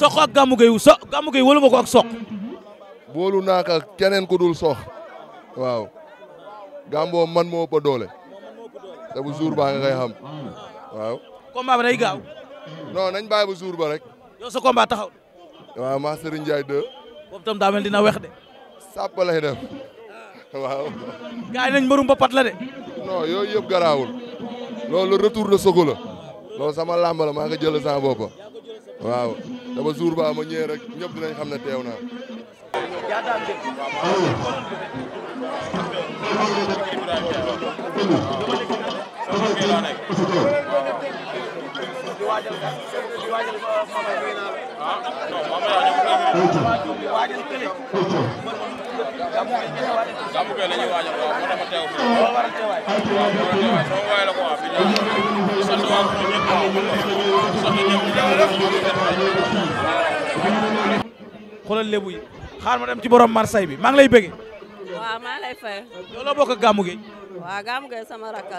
soq ak Gamou Gueye so Gamou Gueye wóolu ma ko ak soq. naa ko ak keneen ku dul sox waaw. Gambo man moo ëpp doole. te bu jour ba nga koy xam. waaw. combat ba day gaaw. non nañ bàyyi bu jour ba rek. yow sa combat taxaw. waaw maa Serigne Ndiaye 2. boobu tam daa mel dina wex de. sàpp lay def waaw. gars yi nañ mbërum papat la de. non yooyu yëpp garaawul. loolu retour de Sokala. loolu sama làmb maa ngi ko jëlee waaw. dama jour ba ma ñëwee rek ñëpp dinañ xam ne teew naa. a teewaay. sama waa waa fii ñëpp waaw man la di xaar ma dem ci borom Marseille bi maa ngi lay bëggee. waaw maa lay fay. yow la bokk ak gàmmu sama rakk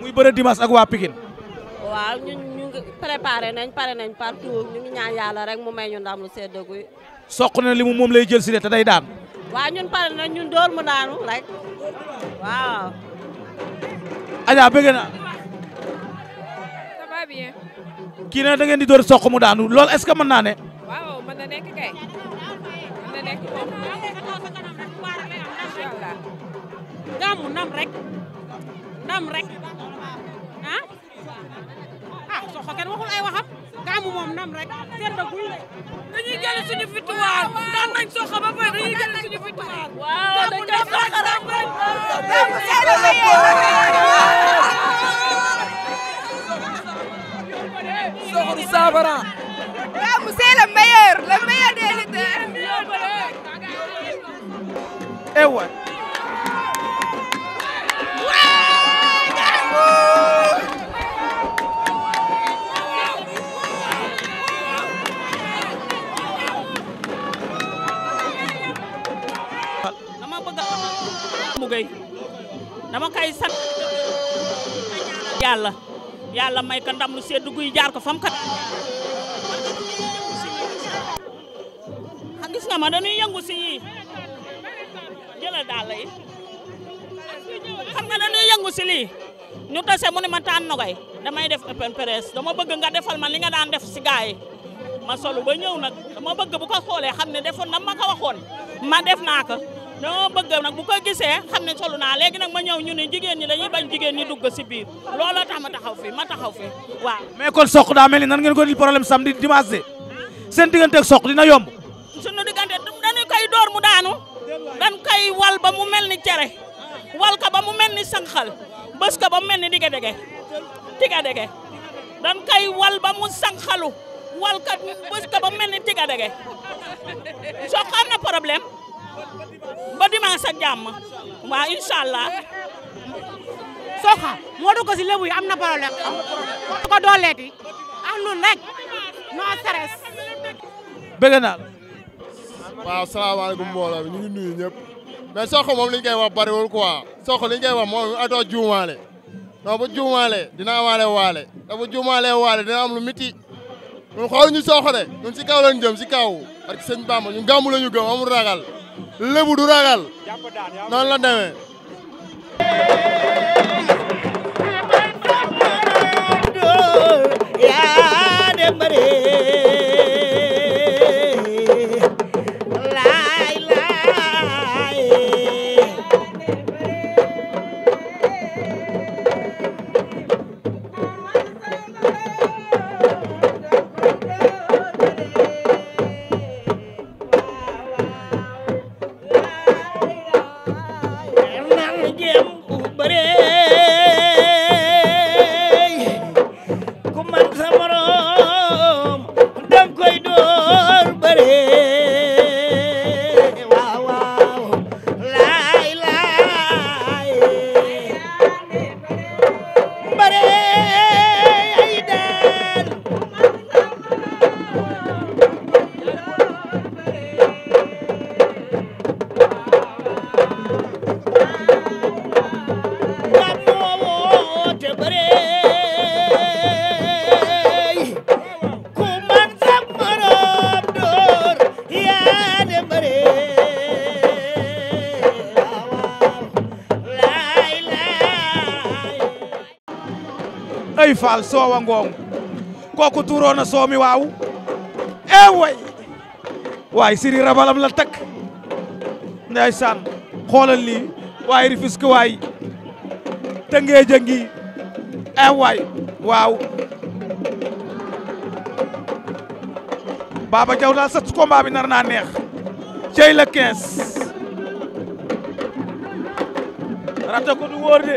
muy bëre dimanche ak waa Pikine. waaw ñu ñu ngi préparé nañ pare nañ partout ñu ñaan yàlla rek mu may ñu ndam lu sedd guy. soq na li mu moom lay jël si te day daan. waaw ñun pare nañ ñun dóor mu daanu rek waaw. Adja bëgg na. ça va bien. kii na da ngeen di dóor soq mu daanu lool est-ce que mën naa ne. waaw rek. ndam rek ah Sokh kenn waxul ay waxam gaamu moom nam rek seet na guy rek. dañuy jël suñu victoire daan nañ Sokh ba pare dañuy jël suñu victoire. waaw dañ koy saxaram rek. Sokh du saafara. waaw c'est le meilleur le meilleur des lutteurs. eh ouais. dama koy sant yàlla yàlla may ko ndam lu guy jaar ko fam ka a ah, gis ma dañuy yëngu si yii jëla dàll yi xam nga dañuy yëngu si lii ñu tase mu ma taan nogay damay def open press dama bëgg nga defal ma li nga daan def si gaay ma solu ba ñëw nag dama bëgg bu ko xam ne defoon na ma ko ma def naa dama bëgg nag bu ko gisee xam ne solu naa léegi nag ma ñëw ñu ne jigéen ñi dañuy bañ jigéen ñi dugg si biir looloo tax ma taxaw fi ma taxaw fi waaw mais ko soq daa mel ni nan ngeen ko di problème samedi dimanche de seen digganteeg soq na yomb suñu diggante dañu koy door mu daanu dañ koy wal ba mu mel ni cere wal ko ba mu mel ni sànqal bës ko ba mu mel ni digga dege digga dege dañ koy wal ba mu sànqalu wal ko bës ko ba mu mel ni digga dege soq am na problème ba dimanche ak jàmm waaw incha allah. Soxna moo dugg si lébu yi am na problème am na ko dooleeti ah noonu rek no stress. bëgg naa la. waaw salaamaaleykum mbooloo mi ñu ngi nuyu ñëpp mais Sokh moom li ñu koy wax bariwul quoi Sokh li ñu koy wax moom atoo juumaale non bu juumaale dinaa waale waale te bu juumaale waale dina am lu miti ñun xool ñu Sokh de si kaw lañ jëm si kaw parce que sëñ Bamba ñun gàmmu gëm amul ragal. lébu du ragal noonu la demee. yaa dem bare Ndoy Fall soowa ngoong kooku tuuroo na soomi waaw ee eh, way waay siri rabalam la takk ndeysaan xoolal waay Rufisque waay tëngee jëngi ee eh, waay waaw Baba Diaw nar naa neex cey la 15 rata wóor de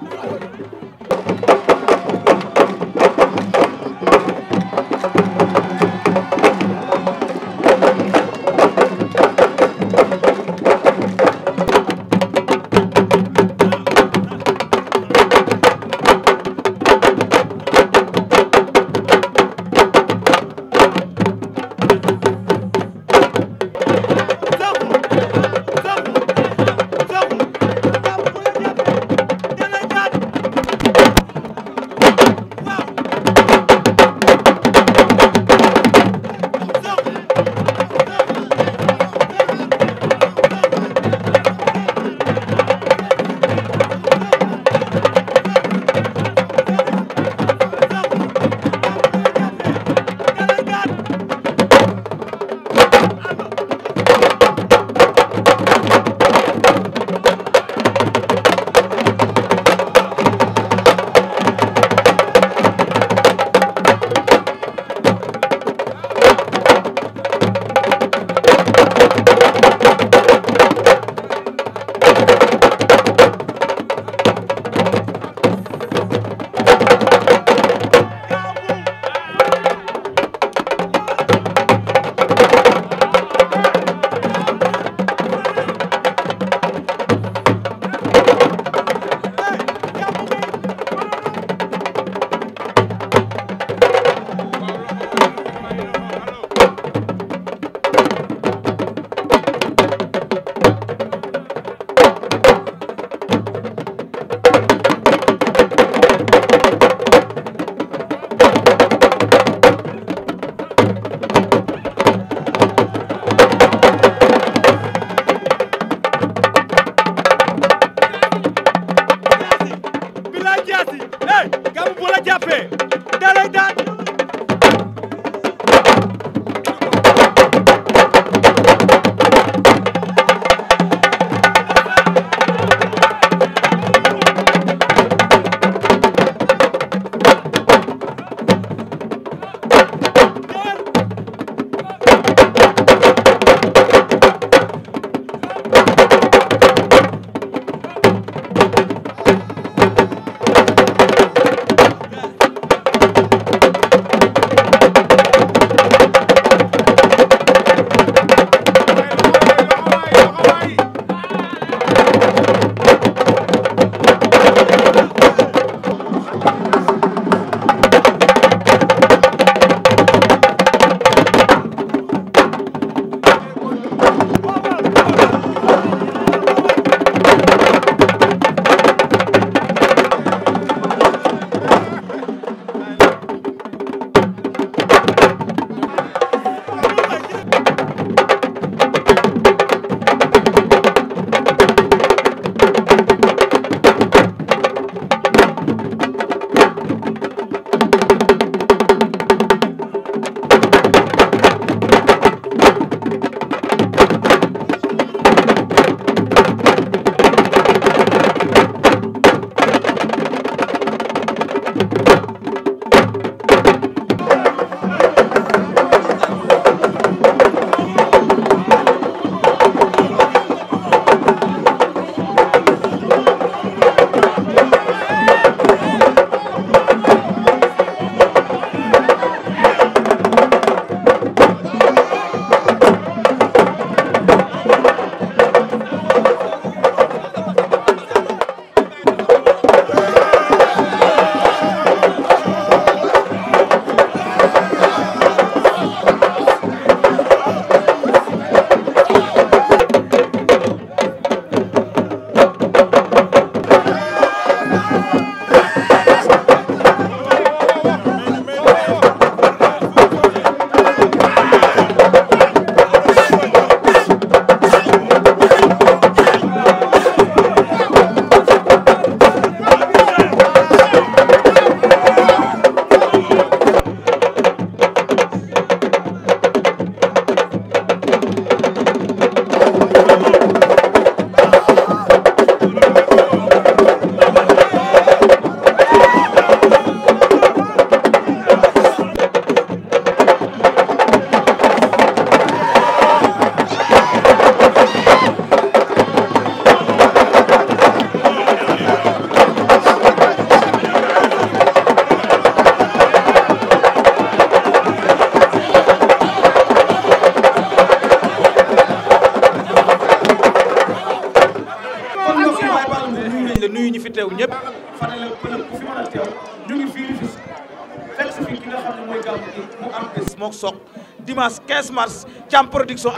Thiam production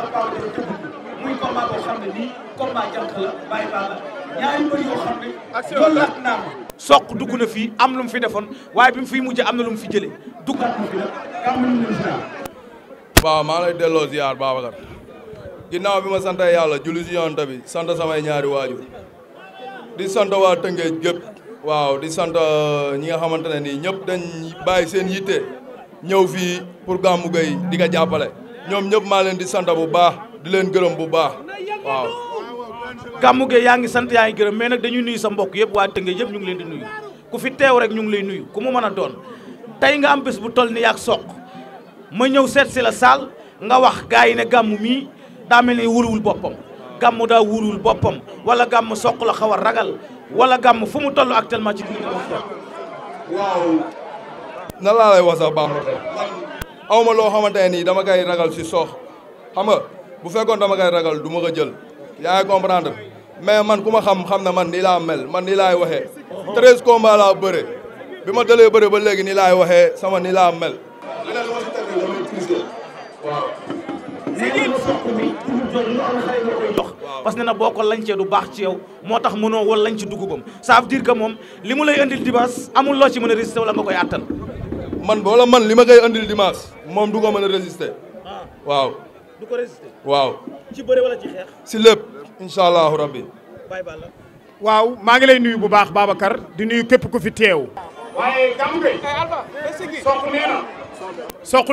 ak soq dugg na fii am lu mu fi defoon waaye bi mu fiy mujj am na lu mu fi jëlee duggaat mu fi waaw maa ngi lay delloo ziar Babacar ginnaaw bi ma sant yàlla julli si yoonte bi sant samay ñaari waajur di sant waa Tëngéej gépp waaw di sant euh, ñi nga xamante ne nii ñëpp dañ bàyyi seen yitte ñëw fii pour Gamou gay di ko jàppale. ñoom ñëpp maa leen di sant bu baax di leen gërëm bu baax waaw. gàmmu gee yaa ngi sant yaa ngi gërëm mais nag dañuy nuyu sa mbokk yëpp waa Tëngéej yëpp ñu ngi leen di nuyu ku fi teew rek ñu ngi lay nuyu ku mu mën a doon tey nga am bés bu toll ni yaag soq ma ñëw seet si la saal nga wax gars yi ne gàmmu mii daa mel ni wuluwul boppam gàmmu daa wuluwul boppam wala gàmmu soq la xaw a ragal wala gàmmu fu mu toll actuellement ci dund waaw. na laa lay wax sax aw ma loo xamante ne nii dama koy ragal si soox xam nga bu fekkoon dama koy ragal duma ma ko jël yaa comprendre mais man ku ma xam xam na man nii laa mel man nii laay waxee treize combats laa bëre bi ma dalee bëre ba léegi nii laay waxee sama nii laa mel. parce que na boo ko lancee du baax ci moo tax mënoo wal lañ ci dugubam ça veut que moom li mu lay indil dibaas amul loo ci mën a résister wala nga koy attan. man boola man li ma koy andil moom du ma mën a résister ah. waaw. du ko résister waaw. si lépp incha allahu rabbi. waaw maa ngi lay nuyu bu baax Babacar di nuyu képp ko fi teew. waaye gàmm gay.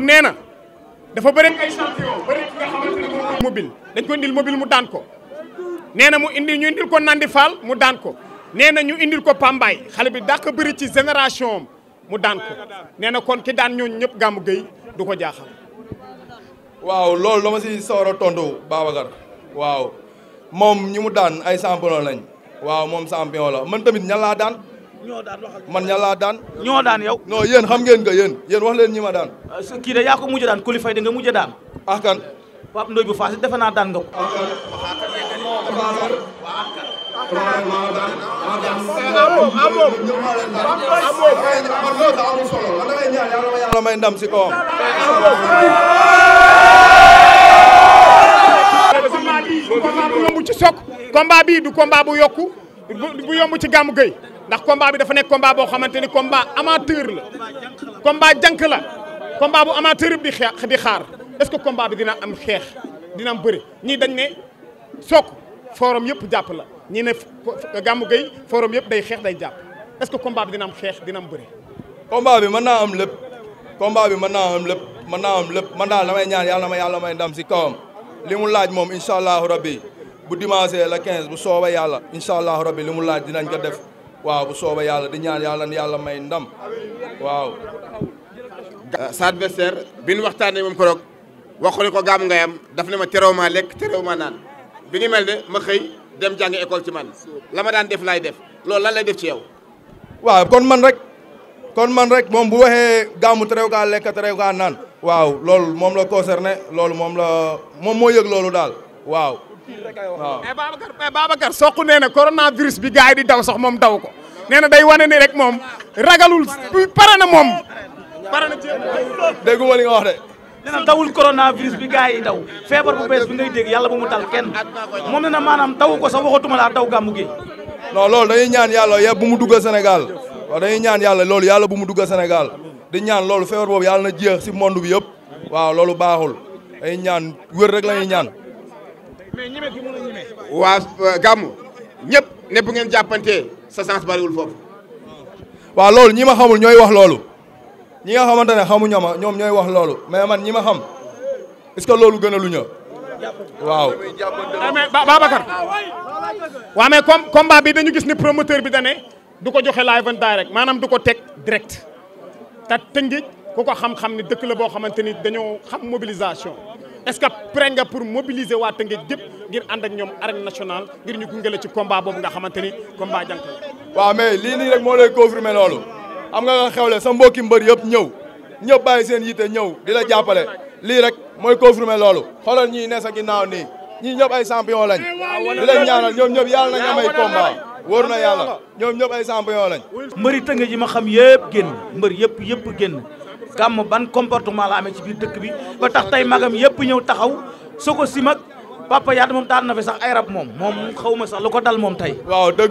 nee na. dafa bëri ay champion bëri nga xamante ne moom dañ ko indil mobile mu daan ko. nee na mu indi ñu indil ko Nandi Fall mu daan ko. nee na ñu indil ko Pambaay xale bi dàq bëri ci génération am mu daan ko nee na kon ki daan ñooñu ñëpp Gamou Gueye du ko jaaxal. waaw loolu dama si soor a tontu Babacar waaw moom ñi mu daan ay champion lañ waaw moom champion la man tamit ñan laa daan. ñoo daan man ñan laa daan. ñoo daan yow. non yéen xam ngeen ko yéen yéen wax leen ñi ma daan. Ah, kii de yaa ko mujj daan kulifay da nga mujj daan. ah kan. naa daan nga yàlla may ndam si kawam combat bu yomb ci Sokh combat bi du combat bu yokku bu yomb ci Gamou Gueye ndax komba bi dafa nekk combat boo xamante ni combat amateur la komba jànk la combat bu amateur bi di xaar est-ce que combat bi dina am xeex dina am bëri ñii dañ ne Sokh forum yëpp jàpp la ñi ne Gamou Gueye forum yëpp day xeex day jàpp est-ce que combat bi dina xeex dina am bëri. bi mën naa am lépp combat bi mën naa am lépp mën naa am lépp man daal damay ñaan yàlla ma yàlla may ndam si kawam li mu laaj moom incha allahu rabbi bu dimanche la 15 bu soobee yàlla incha allahu rabbi li mu laaj dinañ ko def waaw bu soobee yàlla di ñaan yàlla yàlla may ndam waaw. Euh, sa bin bi waxtaanee moom ko waxu ne ko Gamou Gueye am daf ne ma terewuma lekk terewuma naan bi ngi dem jàngi école ci man la ma daan def laay def loolu lan lay def ci yow. waaw kon man rek kon man rek moom bu waxee gàmmu terew kaa lekk terew kaa naan. waaw lool moom la concerné loolu moom la moom moo yëg loolu daal waaw. waaw mais Babacar mais Babacar soq nee na coronavirus bi gars di daw sax moom daw ko nee na day wane ni rek moom ragalul pare na moom pare na jéem dégg wax de. nee na dawul coronavirus bi gars yi daw feebar bu bi ngay dégg yàlla bu mu dal kenn moom nee na maanaam daw ko sax waxatuma laa daw gàmmu gi non loolu dañuy ñaan yàlla ya bu mu dugg Sénégal waaw dañuy ñaan yàlla loolu yàlla bu mu dugg Sénégal di ñaan loolu feebar boobu yàlla na jeex si monde bi yëpp waaw loolu baaxul dañuy ñaan wér rek la ñuy ñaan waa gàmmu ñëpp ne bu ngeen jàppantee sa sens bariwul foofu waaw loolu ñi ma ñooy wax loolu ñi nga xamante ne xamuñu ma ñoom ñooy wax loolu mais man ñi ma xam est-ce que loolu gën a lu ñu waaw. mais Babacar waaw mais comme combat bi dañu gis ni promoteur bi da ne du ko joxe live en direct maanaam du ko teg direct te Tëngéej ku ko xam-xam ni dëkk la boo xamante ni dañoo xam mobilisation est-ce que prêt nga pour mobiliser waa Tëngéej gépp ngir ànd ak ñoom arène national ngir ñu gunge la ci combat boobu nga xamante ni combat jant la. waaw mais lii nii rek moo lay confirmer am nga nga xewle sa mbokki mbër yëpp ñëw ñëpp bàyyi seen yitte ñëw di la jàppale lii rek mooy confirmer loolu xoolal ñii ne sa ginnaaw nii ñii ñëpp ay champion lañ di leen ñaanal ñoom ñëpp yàlla nañ am ay combat wóor na yàlla ñoom ñëpp ay champion lañ mbëri tënk ji ma xam yëpp génn mbër yëpp yëpp génn gàmm ban comportement la amee ci biir dëkk bi ba tax tey magam yëpp ñëw taxaw soo ko simag papa yaat moom daan na fi sax ay rab moom moom xaw ma sax lu ko dal moom tey waaw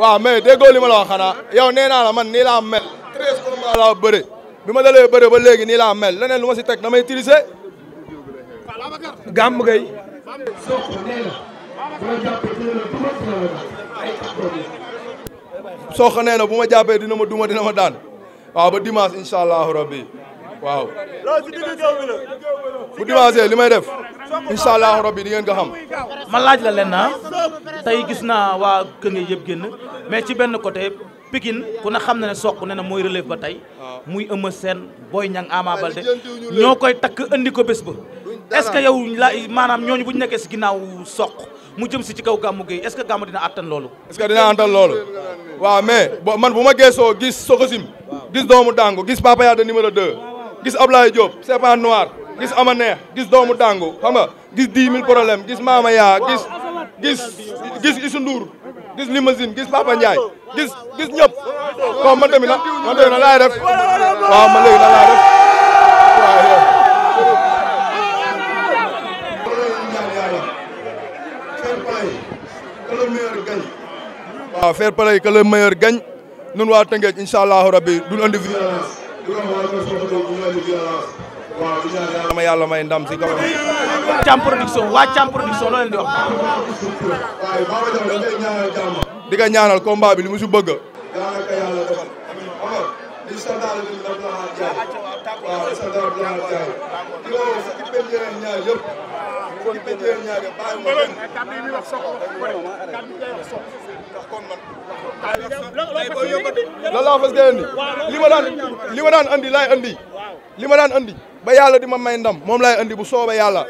waaw mais déggoo li ma la wax xanaa yow nee naa la man nii laa mel treize combats laa bëre bi ma dalee bëre ba léegi nii laa mel leneen lu ma si teg damay utilisé gàmm gay sooxa nee na bu ma jàppee dina ma duma dina ma daan waaw ba dimanche incha allahu rabbi waaw. bu dimanche li may def incha allahu rabbi di ngeen ko xam. ma laaj la leen na tey gis naa waa Kënge yëpp génn mais ci benn côté Pikine ku na xam na ne Sokh ne mooy relève ba tey. muy Eumeu Sène Boy Niang Ama Baldé ñoo koy takk andi ko bés ba. est-ce que yow la maanaam ñooñu bu ñu nekkee si ginnaaw Sokh mu jëm si ci kaw gàmmu gi est-ce que gàmmu dina attan loolu. est-ce que dina attan loolu. waaw boo man bu ma geesoo gis Sococim. gis doomu Dangu gis Papa Yade numéro gis Ablaye Diop c'est noir gis ama gis doomu dàngu xam gis 10 problème gis maama gis gis gis gis limousine gis Papa gis gis ñëpp kon man tamit na laay def waaw man na laay def waaw waaw fair play que nun waa Tëngéej incha allahu rabbi duñ andi waaw di ñaan yàlla. ma yàlla may ndam si kawam. Thiam production waa Thiam production loo leen di wax. waaye Baba ñaanal jàmm. di nga ñaanal loolu laa fas yéene andi li ma daan ma daan andi laay andi li ma daan andi ba yàlla di ma may ndam moom laay andi bu soobee yàlla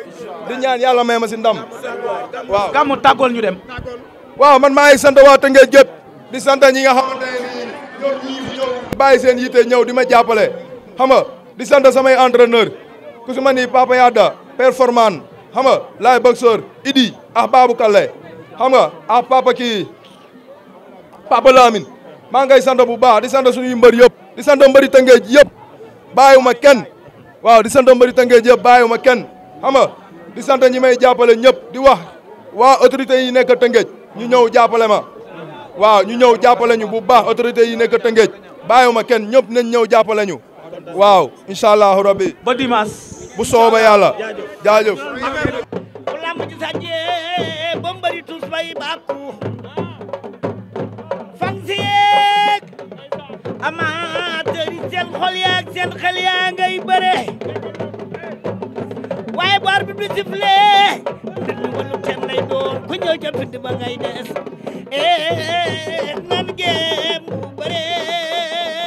di ñaan yàlla may ma si ndam waaw. gàmmu tàggool ñu dem. waaw man maa ngi sant waa Tëngéej gépp di sant ñi nga xamante ne nii seen yitte ñëw di ma jàppale xam nga di sant samay entraîneur ku su ma nii Papa Yada performant xam nga laay boxeur Idi ak Babou Kalle xam nga ak kii Papa Lamine maa ngay sant bu baax di sant suñuy mbër yëpp di sant mbëri tëngéej yëpp bàyyiwuma kenn waaw di sant mbëri tëngéej yëpp bàyyiwuma kenn xam nga di sant ñi may jàppale ñëpp di wax waa autorités yi nekk tëngéej ñu ñëw jàppale ma waaw ñu ñëw jàppale ñu bu baax autorités yi nekk tëngéej bàyyiwuma kenn ñëpp nañ ñëw jàppale ñu waaw incha allahu rabbi ba dimanche bu sooba yàlla jaajëf bu lamb ji sàjjee ba mbëri tus bay fan si yeeg amateur yi seen xol yaag seen xel yaa ngay bëre waaye bu arbitre bi sifflé mbir mi wàllu kenn lay doon ku ñëw ca bind ba ngay des eh, eh, eh, nan ngeen bu